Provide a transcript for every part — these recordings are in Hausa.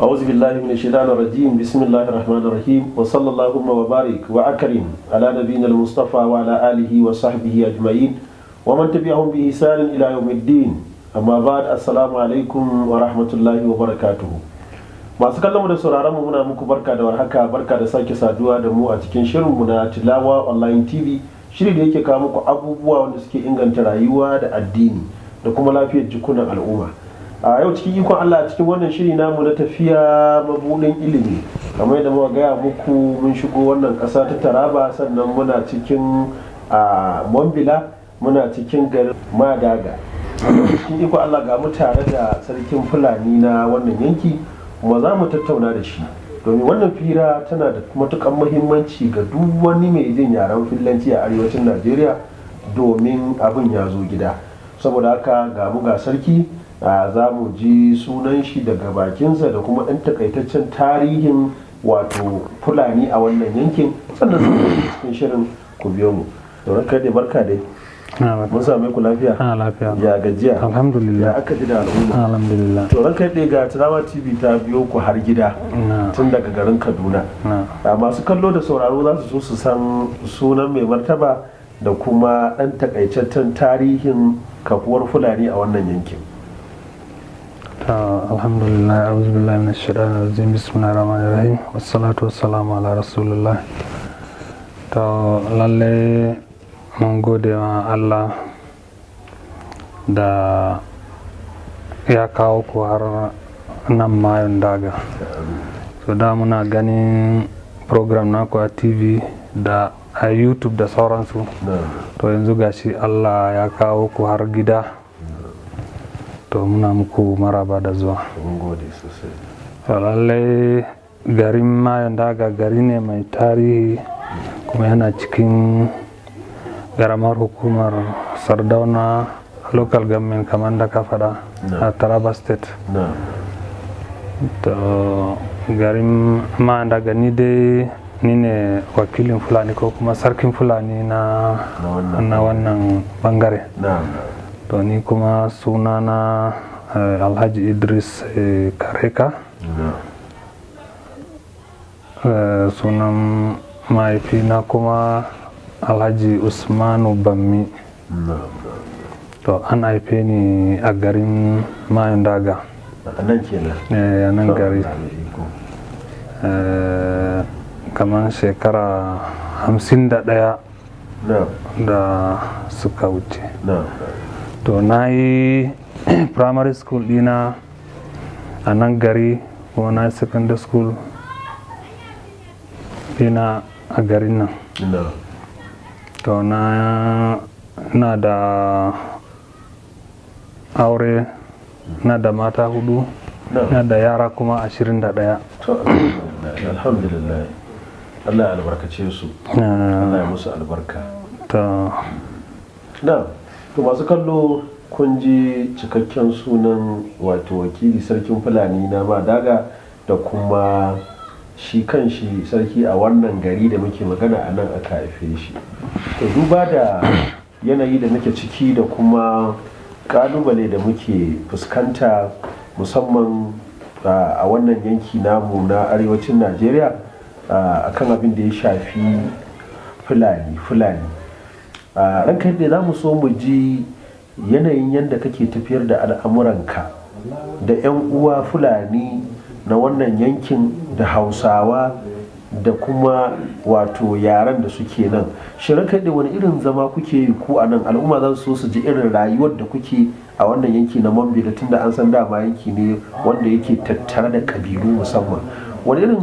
أعوذ بالله من الشيطان الرجيم بسم الله الرحمن الرحيم وصلى اللهم وبارك وأكرم على نبينا المصطفى وعلى آله وصحبه أجمعين ومن تبعهم بإحسان إلى يوم الدين أما بعد السلام عليكم ورحمة الله وبركاته masu kallon mu da sauraron mu muna muku barka da warhaka barka da sake saduwa da mu a cikin shirin mu na Tilawa Online TV shiri da yake kawo muku abubuwa wanda suke inganta rayuwa da addini da kuma lafiyar jikunan al'umma a yau cikin ikon Allah cikin wannan shiri namu na tafiya mabudin ilimi kamar yadda muka gaya muku mun shigo wannan ƙasa ta taraba sannan muna cikin a mambila muna cikin garin madaga cikin ikon Allah ga tare da sarkin fulani na wannan yanki kuma za mu tattauna da shi domin wannan fira tana da matukan muhimmanci ga duk wani mai jin yaren filanci a arewacin najeriya domin abin ya zo gida saboda haka gamu ga sarki za mu ji sunan shi daga bakinsa da kuma ɗan takaitaccen tarihin wato fulani a wannan yankin sannan sun cikin shirin ku biyo mu don kai da barka dai mun same ku lafiya ana ah, lafiya ya gajiya alhamdulillah ya aka ji da al'umma alhamdulillah to kai dai ga Tarawa TV ta biyo ku har gida tun daga garin Kaduna masu kallo da sauraro za su so su san sunan mai martaba da kuma ɗan takaitaccen tarihin kafuwar fulani a wannan yankin alhamdulillah a'udhu billahi minash shaitanir rajim bismillahir rahmanir rahim wassalatu wassalamu ala rasulillah to lalle mun gode wa Allah da ya kawo ku har nan mayon daga so da muna ganin program naku a tv da a youtube da sauransu to yanzu gashi Allah ya kawo ku har gida to muna muku maraba da zuwa lallai garin mayon daga gari ne mai tarihi kuma yana cikin garamar hukumar sardauna local government kamar da ka faɗa a taraba state to garin ma daga ni dai ni ne wakilin fulani ko kuma sarkin fulani na wannan bangare to ni kuma sunana eh, alhaji idris kareka eh, eh, sunan mahaifina kuma alhaji usmanu bammi to an haife ni a garin mayan daga nan nan gari kamar shekara hamsin da ɗaya da suka wuce to na yi primary school dina a nan gari kuma na yi secondary school dina a garin nan to na na da aure na da mata hudu na da yara kuma ashirin da daya alhamdulillah allah ya albarkace su eh. allah ya musu albarka ta to masu kallo kun ji cikakken sunan wato wakili sarkin fulani na daga da kuma shi kan shi sarki a wannan gari da muke magana a nan aka haife shi to duba da yanayi da muke ciki da kuma kalubale da muke fuskanta musamman a wannan yanki namu na arewacin najeriya a kan abin da ya shafi fulani fulani ranka yadda za mu so mu ji yanayin yadda kake tafiyar da al'amuranka da 'yan uwa fulani na wannan yankin da hausawa da kuma wato yaren da suke nan shi ranka yadda wani irin zama kuke yi ku a nan al'umma za su so su ji irin rayuwar da kuke a wannan yanki na mambi da tunda an san dama yanki ne wanda yake tattare da kabilu musamman wani irin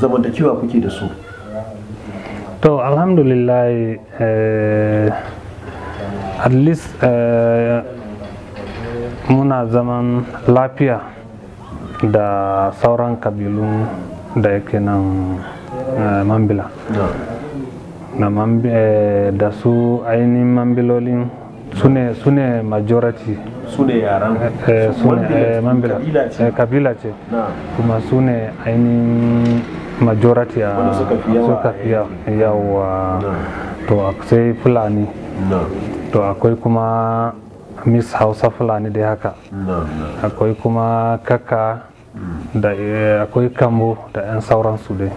zamantakewa kuke da su to alhamdulillah uh, at least uh, muna zaman lafiya da sauran kabilun da yake nan uh, mambila na mambi, da su ainihin mambilolin su ne majority Su ne yaran sune mambila kabila ce kuma su ne ainihin majority a suka fi yawa to sai fulani to akwai kuma miss hausa fulani da haka akwai kuma kaka mm. da eh, akwai kambo da 'yan sauransu dai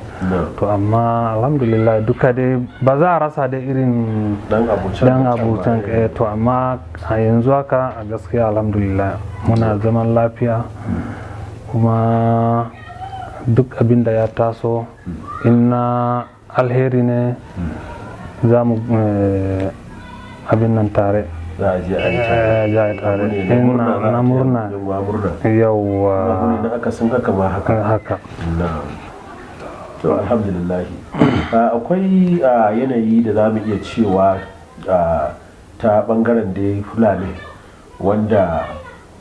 to amma alhamdulillah duka dai ba za a rasa da irin dan abucan eh. eh, to amma a yanzu haka a gaskiya alhamdulillah muna zaman lafiya mm. kuma duk abin da ya taso in alheri ne za mu eh, abin nan tare za a je a na murna yawwa na aka sun haka ba haka eh, to alhamdulillah ah, akwai ah, yanayi da za mu iya cewa ah, ta bangaren da fulani wanda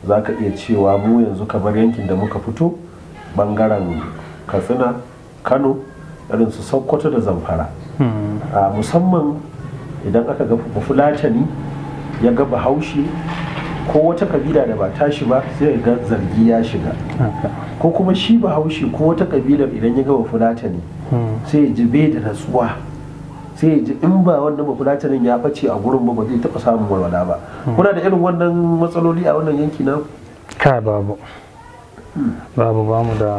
za ka iya cewa mu yanzu kamar yankin da muka fito bangaren katsina kano irin su sokoto da zamfara hmm. A musamman idan aka ga fulatani ya ga bahaushe ko wata kabila da ba tashi ba sai ga zargi ya shiga ko kuma shi bahaushe ko wata kabilar idan ya ga fulatani hmm. sai ya ji bai da natsuwa sai ya ji in ba wanda fulatanin ya bace a gurin ba ba zai taɓa samun walwala ba hmm. kuna da irin wannan matsaloli a wannan yanki na ka babu babu ba mu da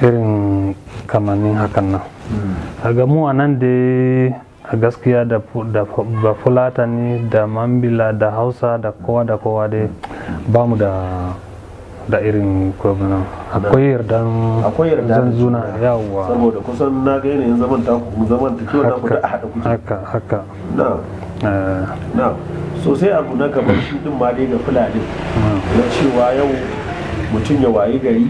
irin kamannin hakan nan a gamu a nan dai a gaskiya da fulatani da mambila da hausa da kowa da kowa dai ba mu da da irin kwabinan akwai yardan zanzuna yawwa saboda kusan na ga yanayin zaman taku kuma zaman ta kiwon na da a haɗa kuke haka haka na eh. na sosai abu na kamar shi din ma dai ga fulani hmm. na cewa yau mutum ya wayi gari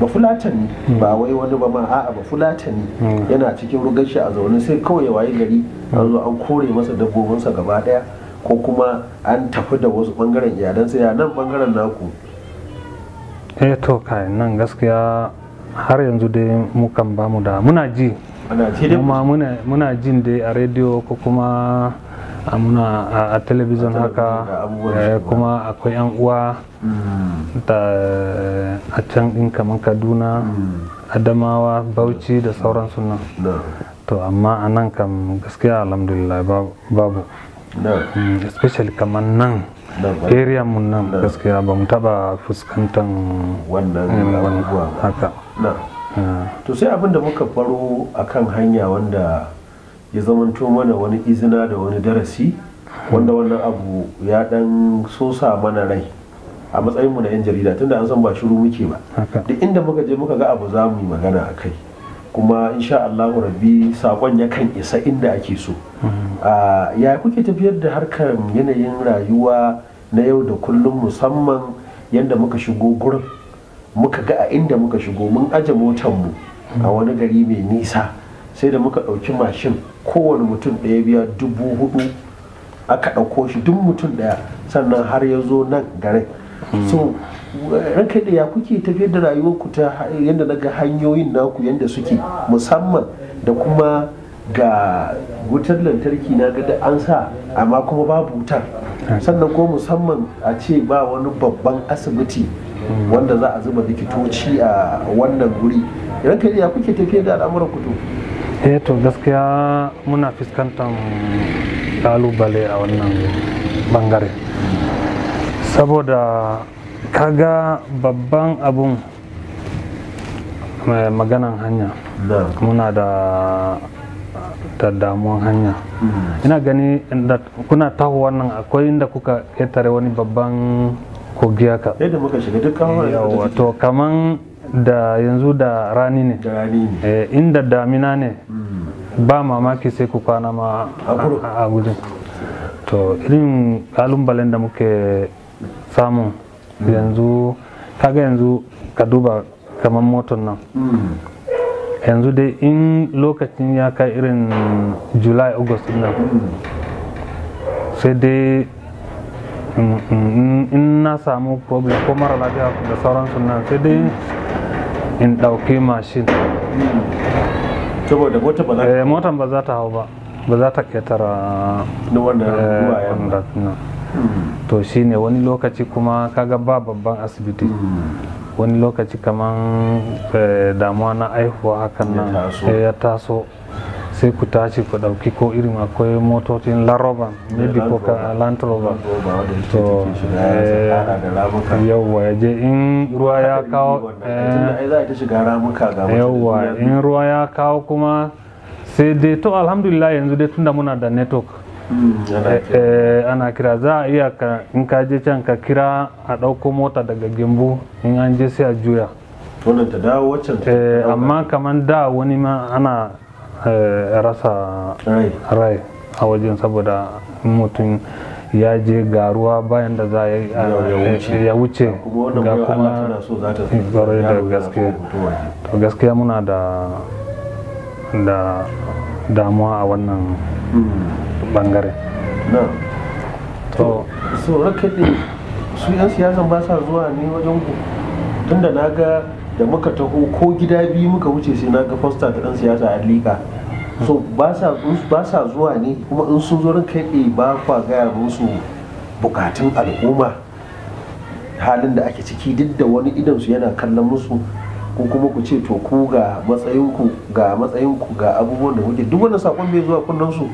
ba fulatani hmm. ba wai wani ba ma a'a ba fulatani hmm. yana cikin rugashi a zaune sai kawai ya wayi gari an zo hmm. an kore masa dabbobinsa gaba daya ko kuma an tafi da wasu bangaren iyalansa ya nan bangaren naku eh to kai nan gaskiya har yanzu dai mukan ba mu da muna ji kuma muna jin dai a rediyo ko kuma muna a telebijin haka eh, kuma akwai yan uwa mm. da eh, a can din kamar kaduna mm. adamawa bauchi da mm. sauran sunan to amma a nan kam gaskiya alhamdulillah babu especially kamar nan area mun nan gaskiya ba mu taba fuskantar wannan haka eh. to sai abinda muka faro akan hanya wanda ya zamanto mana wani izina da wani darasi wanda wannan abu ya dan sosa mana rai a matsayinmu na 'yan jarida tunda an san ba shiru muke ba duk inda muka je muka ga abu za mu yi magana a kai kuma insha Allahu rabbi sakon ya kan isa inda ake so mm-hmm. ah, ya kuke tafiyar da harkar yanayin rayuwa na yau da kullum musamman yadda muka shigo gurin muka ga a inda muka shigo mun aje motar mu a wani gari mai nisa sai da muka ɗauki mashin kowane mutum ɗaya biya dubu hudu aka ɗauko shi duk mutum ɗaya sannan har ya zo nan garin hmm. so ranka da ya kuke tafiyar da rayuwarku ta yadda daga hanyoyin naku yadda suke musamman da kuma ga wutar lantarki na gada an sa amma kuma babu wutar hmm. sannan ko musamman a ce ba wani babban asibiti hmm. wanda za a zuba likitoci a wannan guri ranka da ya kuke tafiyar da al'amuran ku to. eh to gaskiya muna fuskantar kalubale a wannan bangare saboda kaga babban abun mai maganan hanya muna da da damuwan hanya hmm. ina gani kuna taho wannan akwai inda kuka ketare wani babban kogiya yadda muka shiga duk to kaman da yanzu da rani ne eh, inda damina ne hmm. ba mamaki sai ku kwana ma a gudun to irin kalubalen da muke samu hmm. yanzu kaga yanzu ka duba kamar motar nan hmm. yanzu dai in lokacin ya kai irin july august nan sai dai mm, mm, in na samu problem ko mara lafiya da sauransu nan sai dai in ɗauki mashin saboda eh, motan ba za ta hau ba ba za ta ketara eh, hmm. to shine wani lokaci kuma kaga ba babban asibiti hmm. wani lokaci kaman eh, damuwa na haihuwa hakan nan ya taso sai ku tashi ku ɗauki ko irin akwai motocin laroba maybe ko ka lantroba to eh, yawwa ya je in ruwa ya kawo yawwa in ruwa ya kawo kuma sai dai to alhamdulillah yanzu dai tunda muna da network hmm, eh, eh, ana kira za a iya ka in ka je can ka kira a ɗauko mota daga gembu in an je sai a juya wannan ta dawo wacce amma kamar da wani ma ana Eh, rasa rai a wajen saboda mutum ya je garuwa bayan da za eh, ya wuce ga kuma kwarai da eh, gaske to gaskiya muna da da damuwa a wannan hmm. bangare to so rakaɗe su 'yan siyasan ba sa zuwa ne wajen ku tun da na ga da muka taho ko gida biyu muka wuce sai na ga fosta ta ɗan siyasa a liƙa so ba sa zuwa ne kuma in sun zo ran kai ɗaya ba kwa gaya musu bukatun al'umma halin da ake ciki duk da wani idan su yana kallon musu ko kuma ku ce to ku ga matsayinku ga matsayinku ga abubuwan da wuce duk wani sakon bai zuwa kunnen su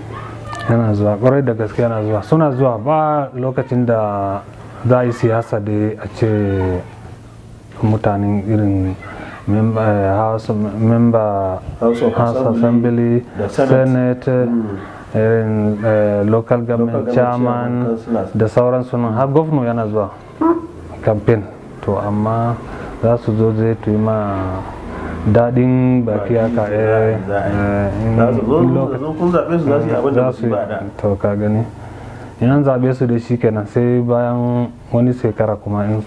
yana zuwa kwarai da gaske yana zuwa suna zuwa ba lokacin da za a yi siyasa da a ce mutanen irin memba eh, house assembly senate hmm. irin eh, local government chairman da sauran nan har gwamnu yana zuwa hmm. campaign to amma za su zo zai tuyi ma daɗin baki haka to ka gani yan zaɓe su da shi kenan sai bayan wani shekara kuma in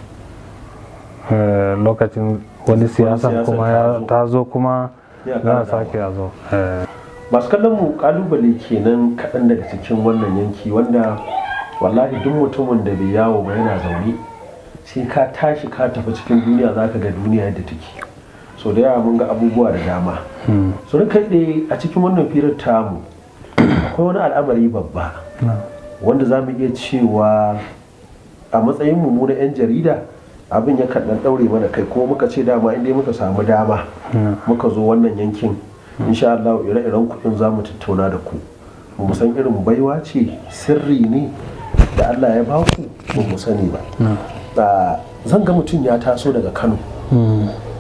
Eh, lokacin wani siyasa kuma ta zo kuma za a sake ya zo eh. masu kallon mu kalubale kenan kaɗan daga cikin wannan yanki wanda wallahi duk mutumin da bai yawo ba yana zaune sai ka tashi ka tafi cikin duniya za ka ga duniya yadda take so da yawa mun ga abubuwa da dama hmm. so rinka a cikin wannan firar tamu akwai wani al'amari babba wanda za mu iya cewa a matsayin mu na 'yan jarida abin ya kan daure mana kai ko muka ce dama inda muka samu dama muka zo wannan yankin insha Allah ire-iren kuɗin za mu tattauna da ku mu san irin baiwa ce sirri ne da Allah ya ba ku mu sani ba ah, zan ga mutum ya taso daga Kano hmm.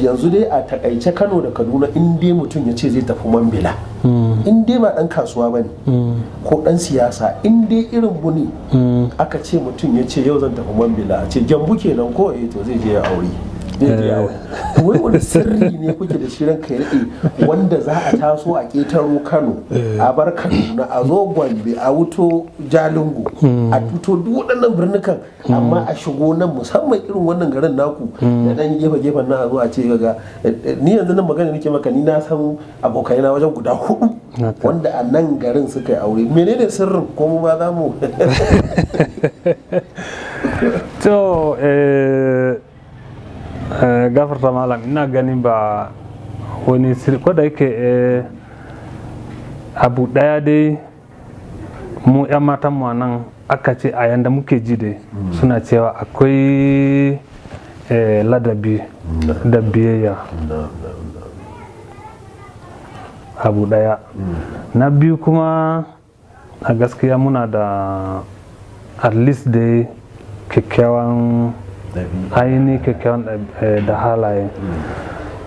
yanzu dai a takaice kano da kaduna in dai mutum ya ce zai tafi mambila hmm. in dai ba dan kasuwa ba ne hmm. ko dan siyasa in dai irin bu ne hmm. aka ce mutum ya ce yau zan tafi mambila ce gyambu kenan ko eh to zai je ya aure Eh. wai wani sirri ne kuke da shi ranka ya daɗe wanda za a taso a ƙetaro kano eh. a bar kaduna a zo gombe a wuto jalingo hmm. a fito duk waɗannan birnikan hmm. amma a shigo nan musamman irin wannan garin naku da hmm. ɗan gefe-gefen na a zo a ce ga eh, ni yanzu nan magana nake maka ni na san abokai na wajen guda hudu wanda a nan garin suka yi aure menene sirrin ko mu ba za mu to Eh, gafarta malam ina ganin ba wani ko da yake eh, abu daya dai mu 'yan matan mu nan aka ce a yanda muke ji dai mm. suna cewa akwai eh, ladabi mm. da biyayya mm. abu daya na biyu kuma a gaskiya muna da at least dai kyakkyawan ai ne kyakkyawan eh, da halaye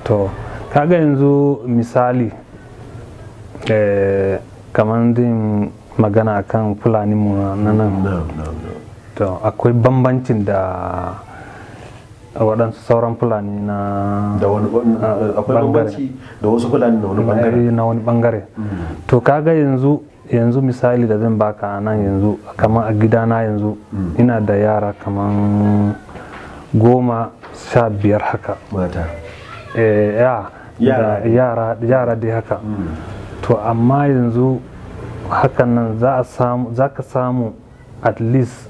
to kaga yanzu misali eh, kamar din magana kan fulani mu na nan to akwai bambancin da waɗansu sauran fulani na da wani akwai bambanci da wasu fulani na wani bangare eh, na wani bangare mm. to kaga yanzu yanzu misali da zan baka a nan yanzu kamar a gidana yanzu mm. ina da yara kamar goma sha biyar haka mata eh, yara dai haka mm. to amma yanzu hakan nan za ka samu at least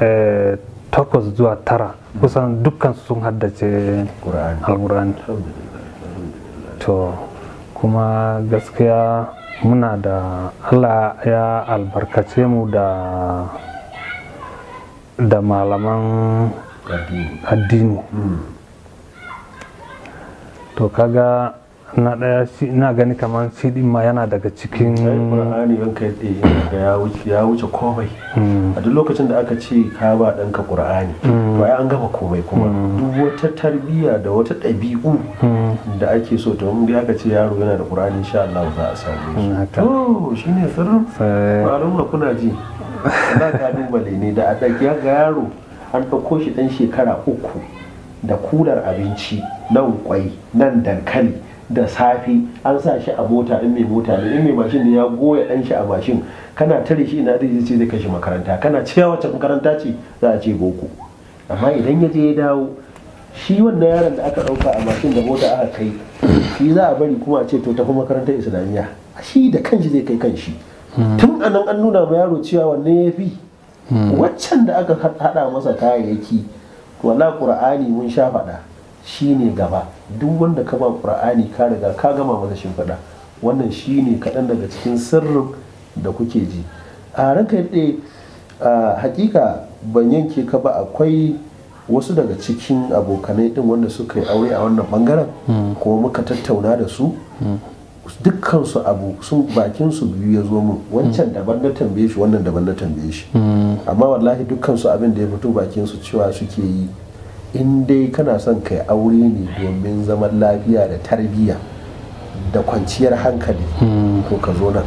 eh, takwas zuwa tara mm. kusan dukkan sun haddace alkur'ani to kuma gaskiya muna da allah ya albarkace mu da malaman addini hmm. to kaga na daya shi ina gani kamar shi din ma yana daga cikin Qur'ani ga ya wuce ya wuce komai hmm. a duk lokacin da aka ce ka ba danka Qur'ani to hmm. ai an gaba komai kuma duk wata tarbiyya da wata ɗabi'u da ake so to mun aka ce yaro yana da Qur'ani insha Allah za a same shi to shine sirrin eh. malama kuna ji ba ka dubale ne da a ga yaro an ɗauko shi ɗan shekara uku da kular abinci nan kwai nan dankali da safi an sa shi a mota in mai mota ne in mai mashin ne ya goya ɗan shi a mashin kana tare shi ina zai ce zai kashe makaranta kana cewa wacce makaranta ce za a ce boko amma idan ya je ya dawo shi wannan yaron da aka ɗauka a mashin da mota aka kai shi za a bari kuma a ce to tafi makarantar islamiyya shi da kanshi zai kai kanshi hmm. tun anan an nuna ma yaro cewa wanne ya fi waccan da aka hada masa kayayyaki wala qur'ani mun sha faɗa shine gaba duk wanda ka ba qur'ani ka riga ka gama masa shimfiɗa wannan shine kaɗan daga cikin sirrin da kuke ji a ranka yadda hakika ban yanke ka ba akwai wasu daga cikin abokanai din wanda suka yi aure a wannan bangaren hmm. kuma muka tattauna da su hmm. dukkansu abu sun bakin su biyu ya zo mun wancan daban na tambaye shi wannan daban na tambaye shi amma wallahi dukkansu abin da ya fito bakin su cewa suke yi in dai kana son kai aure ne domin zaman lafiya da tarbiyya da kwanciyar hankali Ko ka zo nan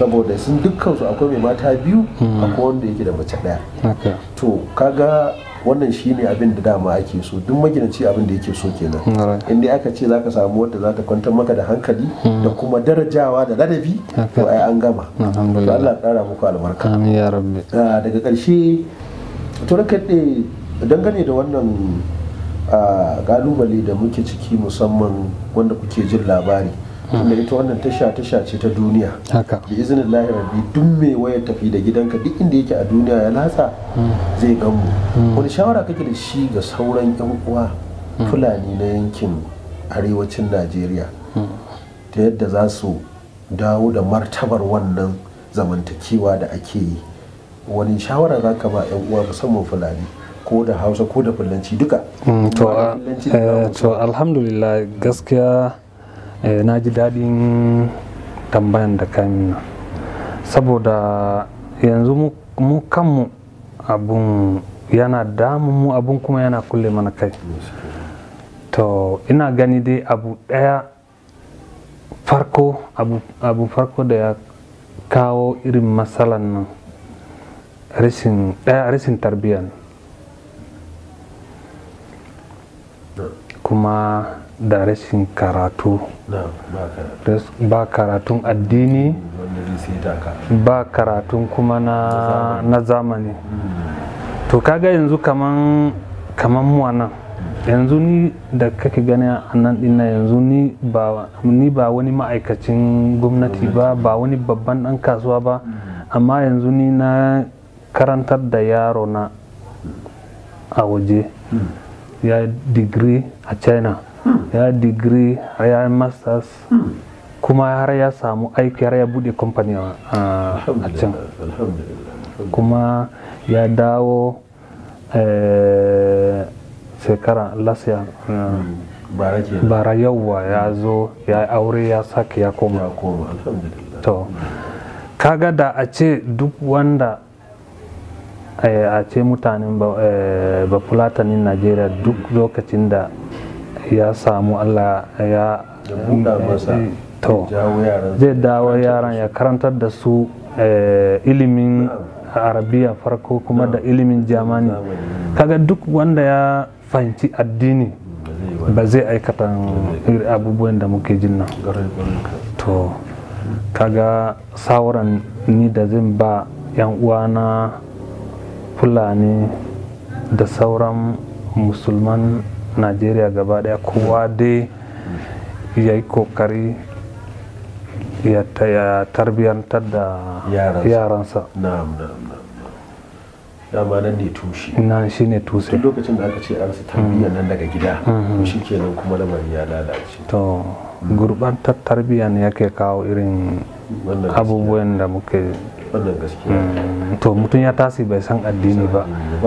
saboda sun dukkansu akwai mai mata biyu akwai wanda yake da mace daya to kaga wannan shine abin da dama ake so duk maginaci abin da yake so kenan inda aka ce za ka samu wadda ta kwantar maka da hankali hmm. da kuma darajawa da ladabi to ai an gama Allah kara muku albarka amin ya rabbi ah, daga karshe to ne dangane da wannan kalubale ah, da muke ciki musamman wanda kuke jin labari da ita wannan tasha tasha ce ta duniya haka bi izinin lahi rabbi duk mai wayar tafi da gidanka duk inda yake a duniya ya latsa zai gamu hmm. wani shawara kake da shi ga sauran yan uwa hmm. fulani na yankin arewacin najeriya hmm. ta yadda za su dawo da martabar wannan zamantakewa da ake yi wani shawara za ka ba yan uwa musamman fulani ko da hausa ko da fulanci duka eh, to alhamdulillah gaskiya Eh, na ji daɗin tambayan da kamina saboda yanzu mu kanmu abun yana damu mu abun kuma yana kulle mana kai to ina gani dai abu ɗaya farko abu farko da ya kawo irin matsalan nan rashin ɗaya rashin tarbiyan kuma da rashin karatu ba karatun addini ba karatun kuma na zamani hmm. to kaga yanzu kaman kaman nan hmm. yanzu ni da kake gani a nan dinna yanzu ni ba wani ma'aikacin gwamnati ba ba wani babban dan kasuwa ba hmm. amma yanzu ni na karantar da yaro na a waje ya digiri a china ya digiri ya masters hmm. kuma har ya samu aiki har ya bude kamfani a can kuma ya dawo eh, shekara lasya eh, hmm. bara yauwa ya hmm. zo ya aure ya sake ya koma to kaga da a ce duk wanda eh, a ce mutanen fulatanin najeriya duk lokacin da ya samu allah ya eh, to zai dawo yaran ya karantar da su eh, ilimin arabiya farko kuma da ilimin jamani kaga duk wanda ya fahimci addini ba zai aikata abubuwan da muke jin nan to kaga sauran ni da zan ba yan uwana fulani da sauran musulman najeriya gaba daya kowa dai ya yi kokari ya tarbiyantar da yaransa dama nan ne tushe nan shi ne tushe duk lokacin da aka ce an su tarbiyyar nan daga gida mm-hmm. shi ke nan kuma lamarin ya lalace to mm. gurbantar tarbiyyar ne yake kawo irin abubuwan da muke Hmm, to mutum ya tasi bai san addini ba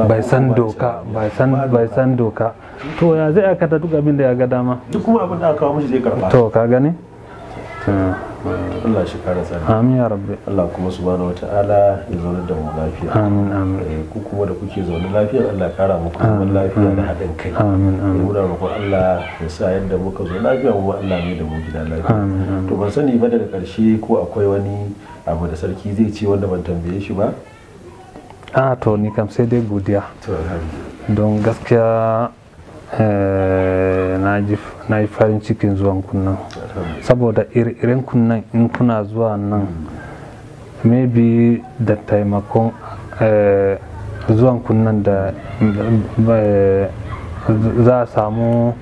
bai san doka bai san bai san doka to ya zai aikata duk abin da ya ga dama duk kuma abin da aka kawo mishi zai karba to ka gani Allah shi tsari amin ya rabbi Allah kuma subhanahu wata'ala ya zaune da mu lafiya amin amin eh, ku kuma da kuke zaune lafiya Allah ya kara muku zaman lafiya da haɗin kai amin amin Allah ya sa yadda muka zo lafiya mu Allah da mu gida lafiya amin to ban sani ba daga ƙarshe ko akwai wani abu da sarki zai ce wanda ban tambaye shi ba a ah, to ni kam sai dai godiya gaskiya eh, na farin cikin zuwan kunnan saboda irin kunnan in kuna zuwa nan maybe da taimakon eh, zuwan kunan da eh, za a samu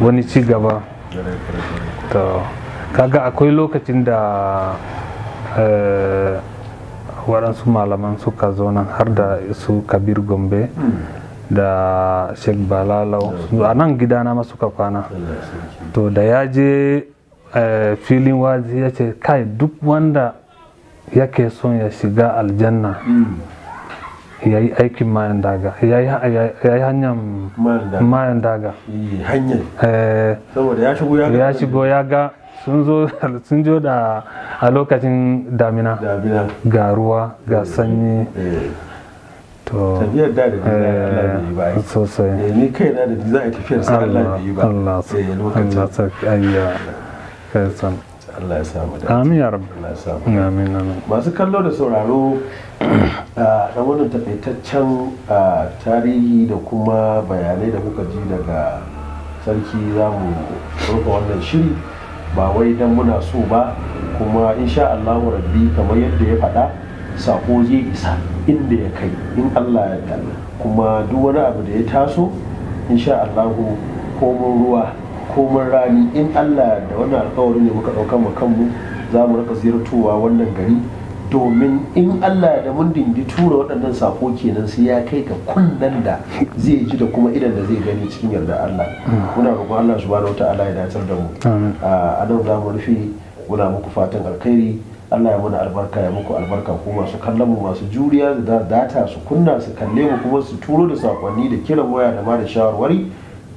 wani ci gaba to kaga akwai lokacin da eh, waɗansu malaman suka zo nan har da su kabir gombe da sheikh balalau a nan gidana masu ka kwana to da ya je eh, filin wazi ya ce kai duk wanda yake son ya shiga aljanna hmm. ya yi aikin mayan daga ya yi hanyar mayan daga eh, ya shigo ya ga sun zo da a lokacin damina ga ruwa ga eh, sanyi tafiyar da da Allah eh, bai ba sosai eh, ni kai na da za a tafiyar sa Allah bai yi ba Allah eh, lokacin Allah ya samu da amin ya rabu amin amin masu kallo da sauraro da wannan takaitaccen tarihi da kuma bayanai da muka ji daga sarki za mu rufe wannan shiri ba wai dan muna so ba kuma insha Allah rabbi kamar yadda ya faɗa sako zai isa inda ya kai in allah ya kuma duk wani abu da ya taso in insha allahu komin ruwa komin rani in allah da wannan alkawari ne muka ɗauka mu kanmu za mu rika ziyartowa wannan gari domin in allah da mun dindi tura waɗannan sako kenan sai ya kai ga kunnen da zai ji da kuma idan da zai gani cikin yarda allah muna roƙon allah subhanahu wa ta'ala ya dacar da mu ah, a nan za mu rufe muna muku fatan alkhairi Allah ya muna albarka ya muku albarka ko masu kallon mu masu juriya da data su kunna su kalle mu kuma su turo da sakonni da kiran waya da ma da shawarwari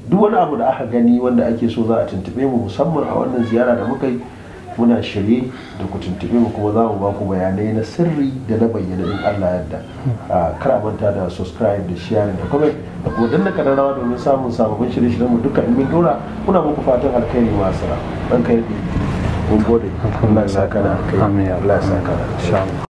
duk wani abu da aka gani wanda ake so za a tuntube mu musamman a wannan ziyara da muka yi muna shirye da ku tuntube mu kuma za mu ba ku bayanai na sirri da na bayyana in Allah yadda ah, kar a manta da subscribe da share da comment da kuma danna rawa domin samun sababbin shirye-shiryen mu duka in mun dora muna muku fatan alkhairi masu ɗan kai mun gode Allah ya saka da kai Allah ya saka da